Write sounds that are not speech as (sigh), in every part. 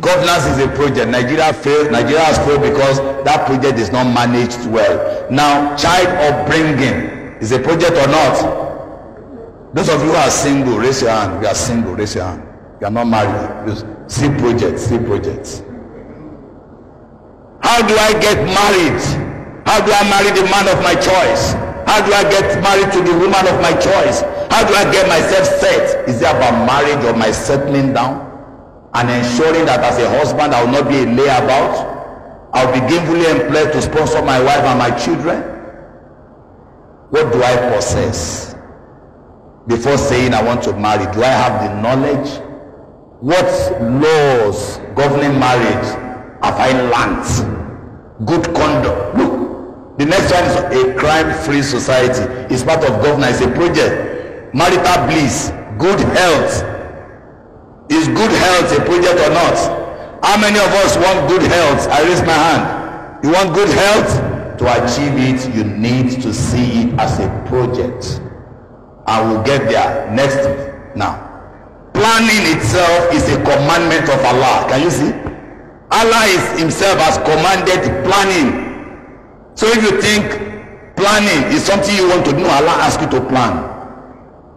governance is a project nigeria fail nigeria has failed because that project is not managed well now child upbringing is a project or not those of you who are single raise your hand you are single raise your hand you are not married you see project see project how do i get married how do i marry the man of my choice how do i get married to the woman of my choice how do i get myself set is it about marriage or my settling down and ensuring that as a husband I will not be a layabout. I will be gainfully employed to sponsor my wife and my children. What do I possess? Before saying I want to marry, do I have the knowledge? What laws governing marriage have I learned? Good conduct. Look, the next one is a crime-free society. It's part of governance, it's a project. Marital bliss, good health, Is good health a project or not? How many of us want good health? I raise my hand. You want good health? To achieve it, you need to see it as a project. I will get there next week. Now, planning itself is a commandment of Allah. Can you see? Allah is himself has commanded planning. So if you think planning is something you want to do, Allah asks you to plan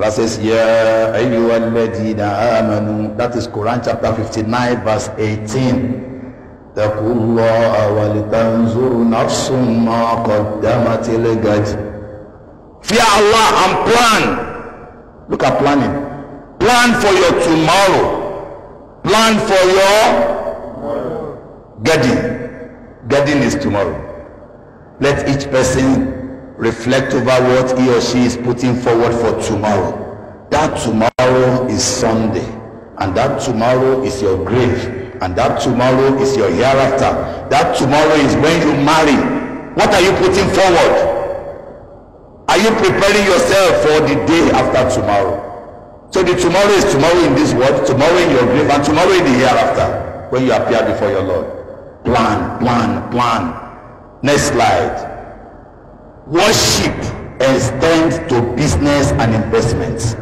verses ya ayyuhalladhina amanu that is Quran chapter 59 verse 18 taqullaha walitanzur nafsum ma qaddamat ligad fear Allah and plan look at planning plan for your tomorrow plan for your garden garden is tomorrow let each person reflect over what he or she is putting forward for tomorrow. That tomorrow is Sunday, and that tomorrow is your grave, and that tomorrow is your hereafter. That tomorrow is when you marry. What are you putting forward? Are you preparing yourself for the day after tomorrow? So the tomorrow is tomorrow in this world, tomorrow in your grave, and tomorrow in the hereafter when you appear before your Lord. Plan, plan, plan. Next slide. Worship extends to business and investments.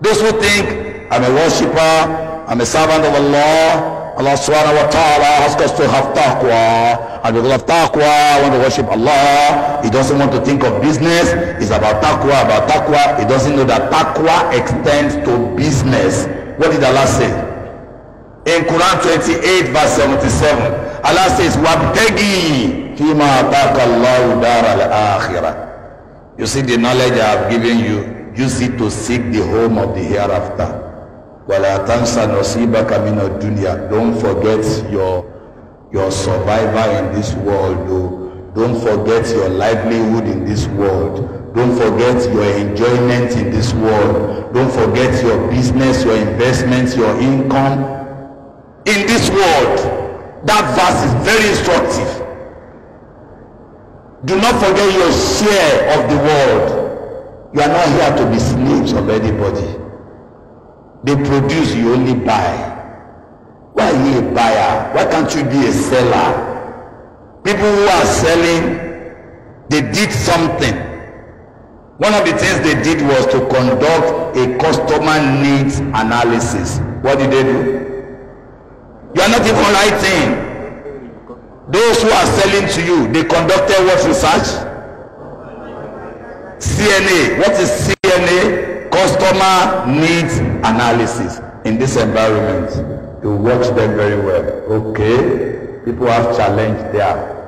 Those who think I'm a worshiper, I'm a servant of Allah, Allah subhanahu wa ta'ala asks us to have taqwa. And because of taqwa, I want to worship Allah. He doesn't want to think of business. It's about taqwa, about taqwa. He doesn't know that taqwa extends to business. What did Allah say? In Quran 28 verse 77, Allah says, وَابْتَغِي فيما Allahu الله al الآخرة You see the knowledge I have given you, use it to seek the home of the hereafter. وَلَا تَنْسَ نَصِيبَكَ مِنَ الدُّنْيَا Don't forget your, your survival in this world. Though. Don't forget your livelihood in this world. Don't forget your enjoyment in this world. Don't forget your business, your investments, your income in this world. That verse is very instructive. Do not forget your share of the world. You are not here to be slaves of anybody. They produce, you only buy. Why are you a buyer? Why can't you be a seller? People who are selling, they did something. One of the things they did was to conduct a customer needs analysis. What did they do? You are not even writing those who are selling to you they conducted what research cna what is cna customer needs analysis in this environment you watch them very well okay people have challenge there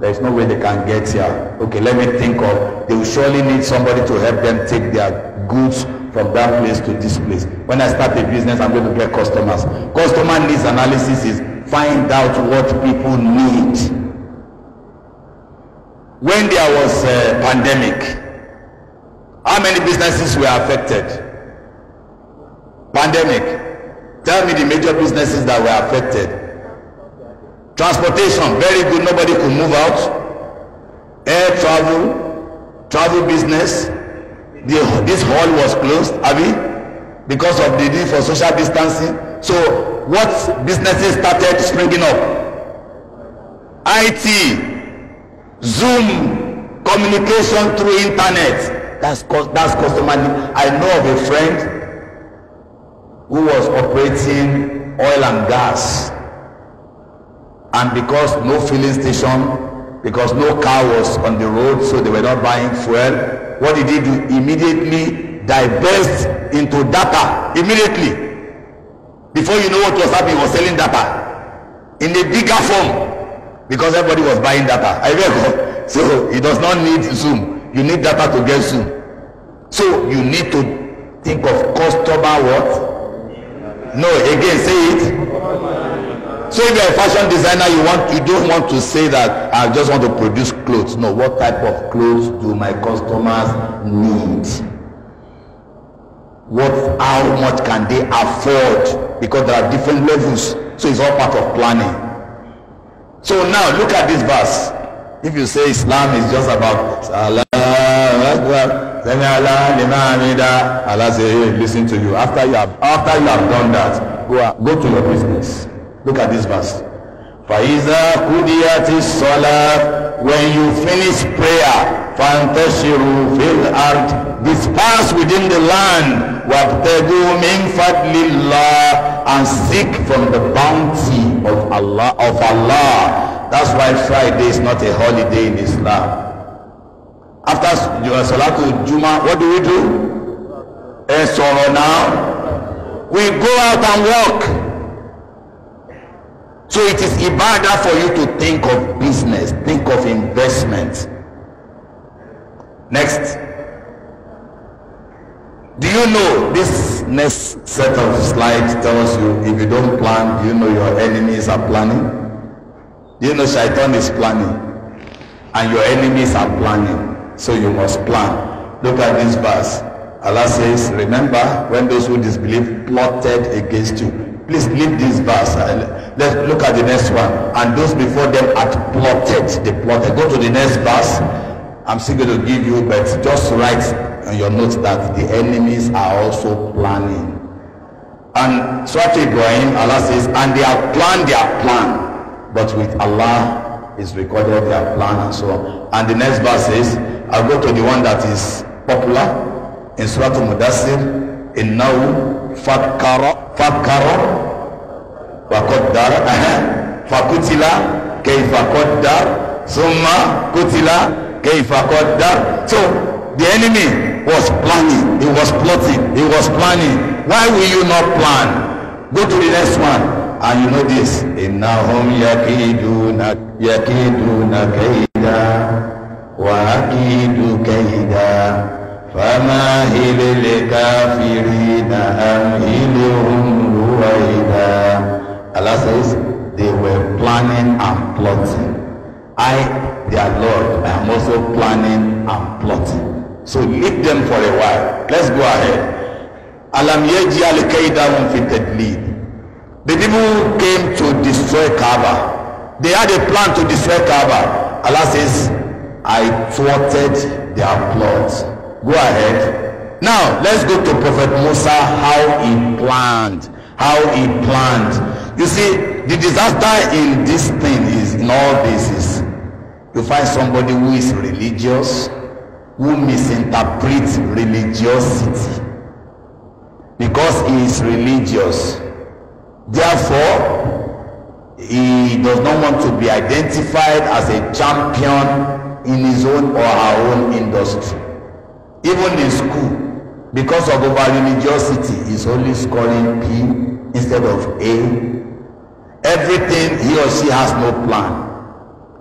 there is no way they can get here okay let me think of they will surely need somebody to help them take their goods from that place to this place when i start a business i'm going to get customers customer needs analysis is find out what people need. When there was a pandemic, how many businesses were affected? Pandemic. Tell me the major businesses that were affected. Transportation, very good, nobody could move out. Air travel, travel business. The, this hall was closed, Abby, because of the need for social distancing. So what businesses started springing up IT Zoom communication through internet that's that's customarily I know of a friend who was operating oil and gas and because no filling station because no car was on the road so they were not buying fuel what did he do immediately divest into data immediately before you know what was happening was selling data in a bigger form because everybody was buying data i remember (laughs) so it does not need zoom you need data to get zoom so you need to think of customer what no again say it so if you're a fashion designer you want you don't want to say that i just want to produce clothes no what type of clothes do my customers need what how much can they afford because there are different levels so it's all part of planning so now look at this verse if you say Islam is just about salah akbar sami allah lima amida allah say hey listen to you after you have after you have done that go go to your business look at this verse faiza kudiyati salah when you finish prayer fantashiru fil ard disperse within the land wabtadu min fadlillah and seek from the bounty of Allah of Allah that's why Friday is not a holiday in Islam after Salatul Juma what do we do ẹ sọ̀rọ̀ now we go out and walk So it is ibadah for you to think of business, think of investment. Next. Do you know this next set of slides tells you if you don't plan, do you know your enemies are planning? Do You know Shaitan is planning and your enemies are planning. So you must plan. Look at this verse. Allah says, remember when those who disbelieve plotted against you. Please leave this verse. Let's look at the next one. And those before them had plotted. They plotted. Go to the next verse. I'm still going to give you, but just write on your notes that the enemies are also planning. And Surah Ibrahim, Allah says, and they have planned their plan, but with Allah is recorded their plan and so on. And the next verse says, I go to the one that is popular in Surah Mudassir, in Nahu, Fakara, Fakara, فقدر (laughs) fakutila, كيف قدر ثم kutila, كيف قدر so the enemy was planning he was plotting he was planning why will you not plan go to the next one and you know this innahum yakiduna yakiduna kaida wa akidu kaida fama hilil kafirina amhilhum ruwaida Allah says, they were planning and plotting. I, their Lord, I am also planning and plotting. So leave them for a while. Let's go ahead. Alam yaj'al kaydahum fi tadlid. The people came to destroy Kaaba. They had a plan to destroy Kaaba. Allah says, I thwarted their plot. Go ahead. Now, let's go to Prophet Musa, how he planned. How he planned. You see, the disaster in this thing is in all bases. you find somebody who is religious, who misinterprets religiosity because he is religious. Therefore, he does not want to be identified as a champion in his own or her own industry. Even in school, because of over religiosity, He is only scoring P instead of A. Everything he or she has no plan.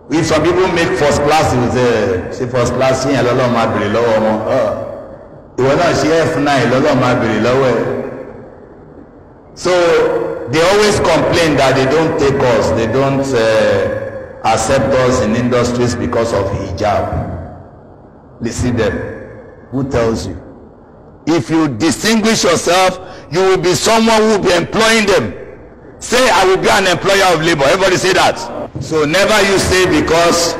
If some people make first class with uh, say first class yẹn lọ́lọ́ máa bèrè lọ́wọ́ wọn ìwọ náà ṣe F9 lọ́lọ́ máa bèrè lọ́wọ́ ẹ̀. So they always complain that they don't take us, they don't uh, accept us in industries because of hijab. Listen them. Who tells you? if you distinguish yourself you will be someone who will be employing them say i will be an employer of labour everybody say that so never you say because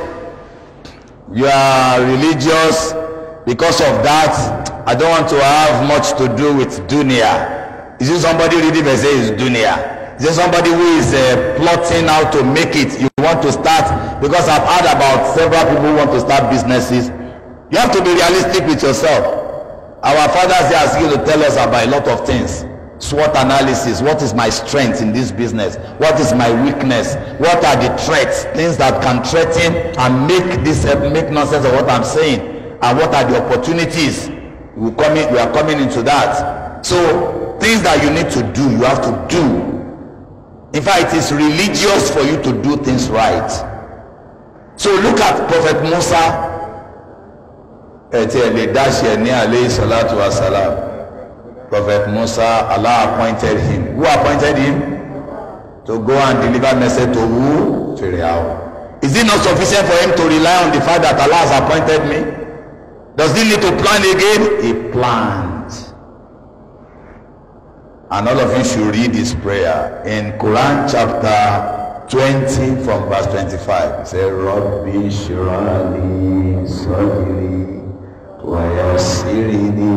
you are religious because of that i don't want to have much to do with dunia is it somebody reading verse is dunia is it somebody who is uh, plotting how to make it you want to start because i've heard about several people who want to start businesses you have to be realistic with yourself Our fathers they ask you to tell us about a lot of things. SWOT analysis. What is my strength in this business? What is my weakness? What are the threats? Things that can threaten and make this eh, make nonsense of what I'm saying. And what are the opportunities? We come we are coming into that. So things that you need to do, you have to do. In fact, it is religious for you to do things right. So look at Prophet Musa ẹ̀tí ẹ̀ lè dáṣẹ̀ ní alayhi salatu wa prophet musa allah appointed him who appointed him to go and deliver message to who to real. is it not sufficient for him to rely on the fact that allah has appointed me does he need to plan again he planned and all of you should read this prayer in quran chapter twenty from verse twenty-five say rabbi shrali sadri. ويسر لي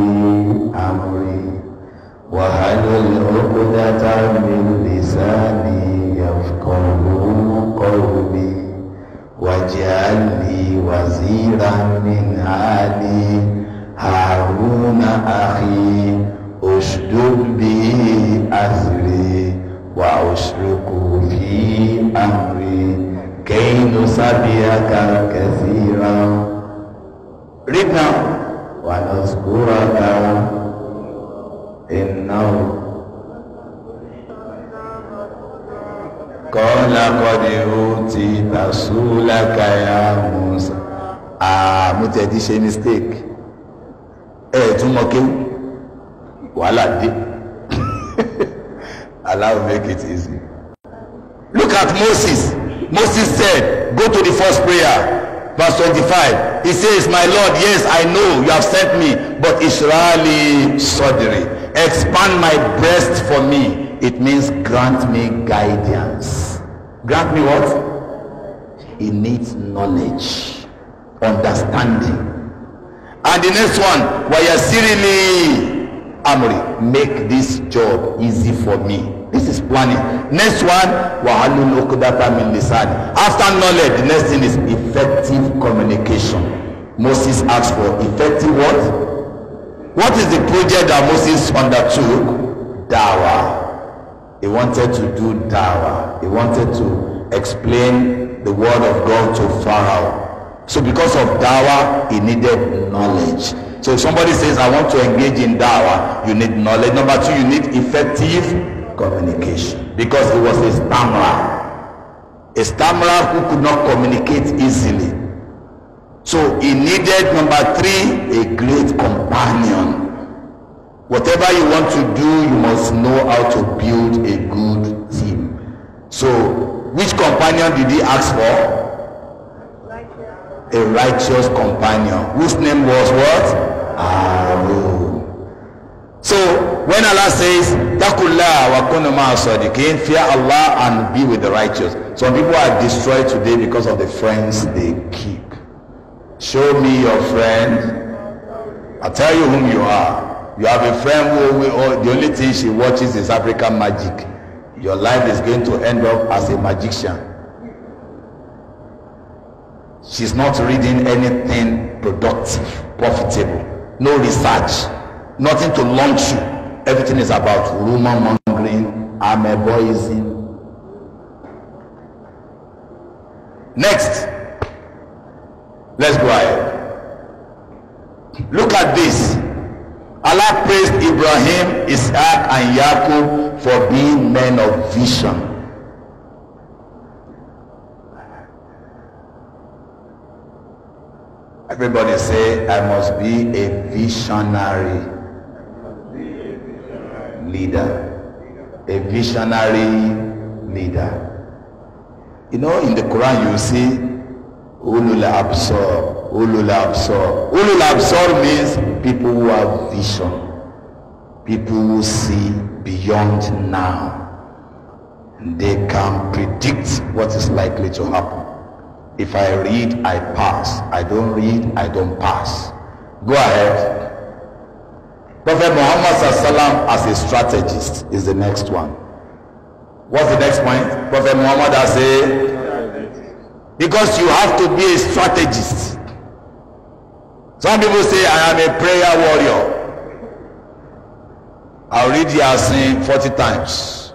أمري وهل عقدة من لساني يفقه قولي واجعل لي وزيرا من علي هارون أخي اشدد به أسري وأشرك في أمري كي نسبيك كثيرا Read now. kọ́ni ó ti tàṣúlákàyà musa àmútẹ̀dí ṣe mistake ẹ̀ tún mọ kéwù wàhálà dé (laughs) Allah will make it easy look at Moses Moses said go to the first prayer verse twenty-five he says my lord yes i know you have sent me but israeli surgery expand my breast for me it means grant me guidance grant me what? He needs knowledge, understanding. And the next one, Wayasirili Amri, make this job easy for me. This is planning. Next one, Wahalul Okudata Milisan. After knowledge, the next thing is effective communication. Moses asked for effective what? What is the project that Moses undertook? Dawa. He wanted to do dawa. He wanted to explain the word of God to Pharaoh. So because of dawa, he needed knowledge. So if somebody says, I want to engage in dawa." you need knowledge. Number two, you need effective communication. Because he was a stammerer. A stammerer who could not communicate easily. So he needed, number three, a great companion whatever you want to do you must know how to build a good team so which companion did he ask for a righteous companion whose name was what Aaron so when Allah says takullah wa kunu ma'a sadiqin fear Allah and be with the righteous some people are destroyed today because of the friends they keep show me your friend I tell you whom you are You have a friend who, who oh, the only thing she watches is African magic. Your life is going to end up as a magician. She's not reading anything productive, profitable. No research, nothing to launch you. Everything is about rumor mongering, ameboism. Next, let's go ahead. Look at this. Allah praised Ibrahim, Isaac, and Jacob for being men of vision. Everybody say, I must be a visionary leader. A visionary leader. You know, in the Quran, you see, Ulul Absor. Ulul Absar. Ulul Absar means people who have vision, people who see beyond now. They can predict what is likely to happen. If I read, I pass. I don't read, I don't pass. Go ahead. Prophet Muhammad Sallam as a strategist is the next one. What's the next point? Prophet Muhammad as a because you have to be a strategist Some people say, I am a prayer warrior. I'll read the Yasin forty times.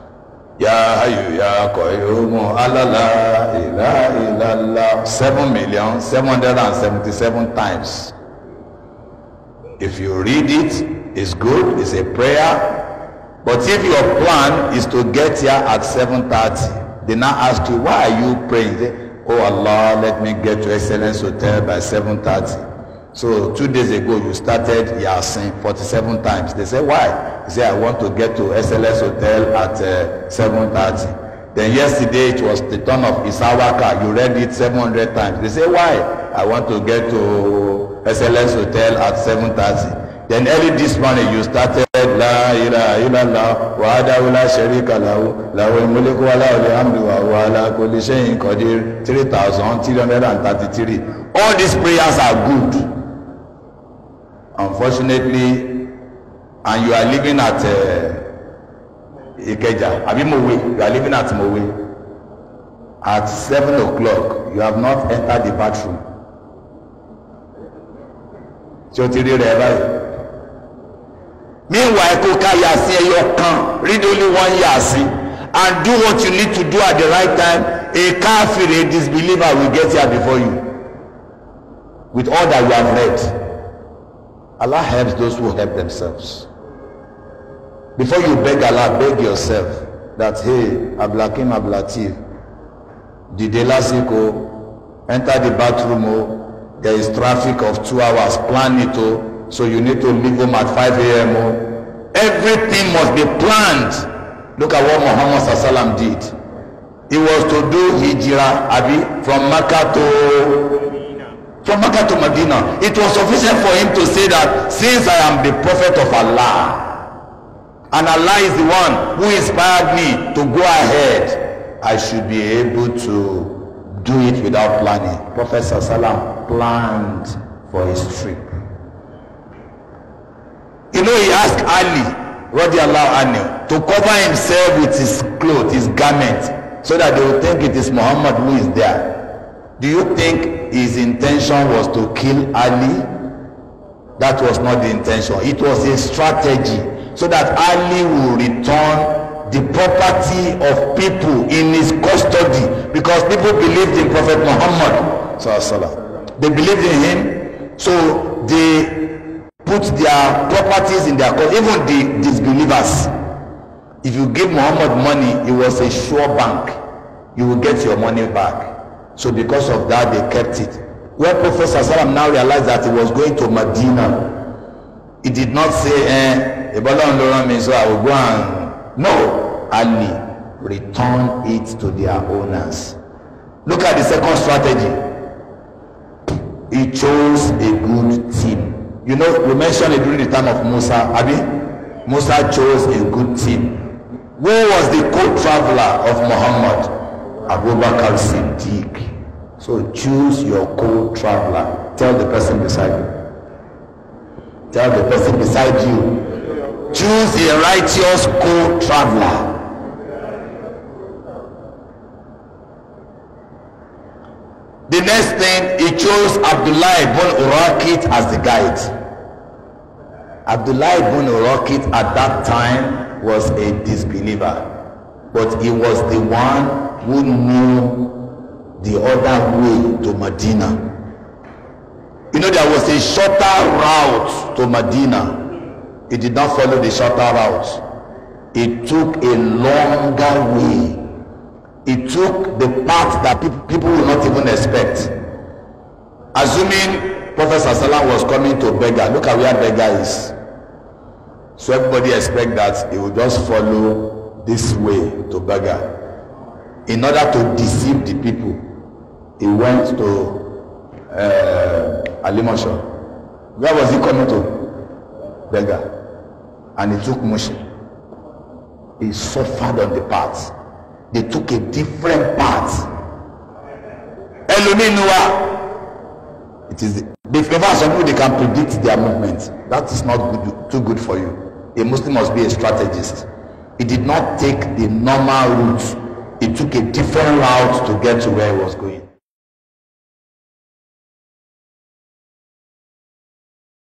Ya Hayyu Ya Qayyum Allah la ilaha illallah 7 million seventy-seven times. If you read it, it's good, it's a prayer. But if your plan is to get here at seven thirty, they now ask you, why are you praying? Say, oh Allah, let me get to Excellence Hotel by seven thirty. So two days ago you started Yasin 47 times. They say why? He say I want to get to SLS Hotel at uh, 7:30. Then yesterday it was the turn of Isawaka. You read it 700 times. They say why? I want to get to SLS Hotel at 7:30. Then early this morning you started La ilaha illallah wa adahu la sharika lahu lahul mulku wa lahul hamdu three huwa ala kulli shay'in qadir 3333. All these prayers are good unfortunately and you are living at uh, Ikeja abi Mowe you are living at Mowe at seven o'clock you have not entered the bathroom tí o ti rí rẹ báyìí meanwhile kó ká yà sí ẹyọ kan read only one yà and do what you need to do at the right time a kafir a disbeliever will get here before you with all that you have read. Allah helps those who help themselves. Before you beg Allah, beg yourself that, hey, Ablakim Ablatif, Dide Lasiko, enter the bathroom, oh, there is traffic of two hours, plan it, oh, so you need to leave home at 5 a.m. Oh. Everything must be planned. Look at what Muhammad Sallam did. He was to do hijrah, Abi, from Makkah to from Mecca to Medina. It was sufficient for him to say that since I am the prophet of Allah and Allah is the one who inspired me to go ahead, I should be able to do it without planning. Prophet Sallam planned for his trip. You know, he asked Ali radiallahu anhu to cover himself with his cloth, his garment, so that they will think it is Muhammad who is there. Do you think his intention was to kill Ali? That was not the intention. It was a strategy so that Ali will return the property of people in his custody because people believed in Prophet Muhammad. They believed in him. So they put their properties in their custody, even the disbelievers. If you give Muhammad money, it was a sure bank. You will get your money back. So because of that, they kept it. When Professor Salam now realized that he was going to Medina, he did not say, eh, Ibola Loran means so I will go and. No, Ali returned it to their owners. Look at the second strategy. He chose a good team. You know, we mentioned it during the time of Musa. Abi, Musa chose a good team. Who was the co-traveler of Muhammad? Abubakar Siddiq. So choose your co-traveler. Tell the person beside you. Tell the person beside you. Choose a righteous co-traveler. The next thing, he chose Abdullah ibn Urakit as the guide. Abdullah ibn Urakit at that time was a disbeliever but he was the one who knew the other way to Medina. You know, there was a shorter route to Medina. He did not follow the shorter route. He took a longer way. He took the path that pe people would not even expect. Assuming Prophet Sallallahu was coming to Beggar, look at where Beggar is. So everybody expect that he would just follow this way to beggar, In order to deceive the people, he went to uh, Alimosho. Where was he coming to? Beggar, And he took motion. He suffered on the path. They took a different path. Elominua. It is the, they favor some people they can predict their movement. That is not good, too good for you. A Muslim must be a strategist. It did not take the normal route. It took a different route to get to where it was going.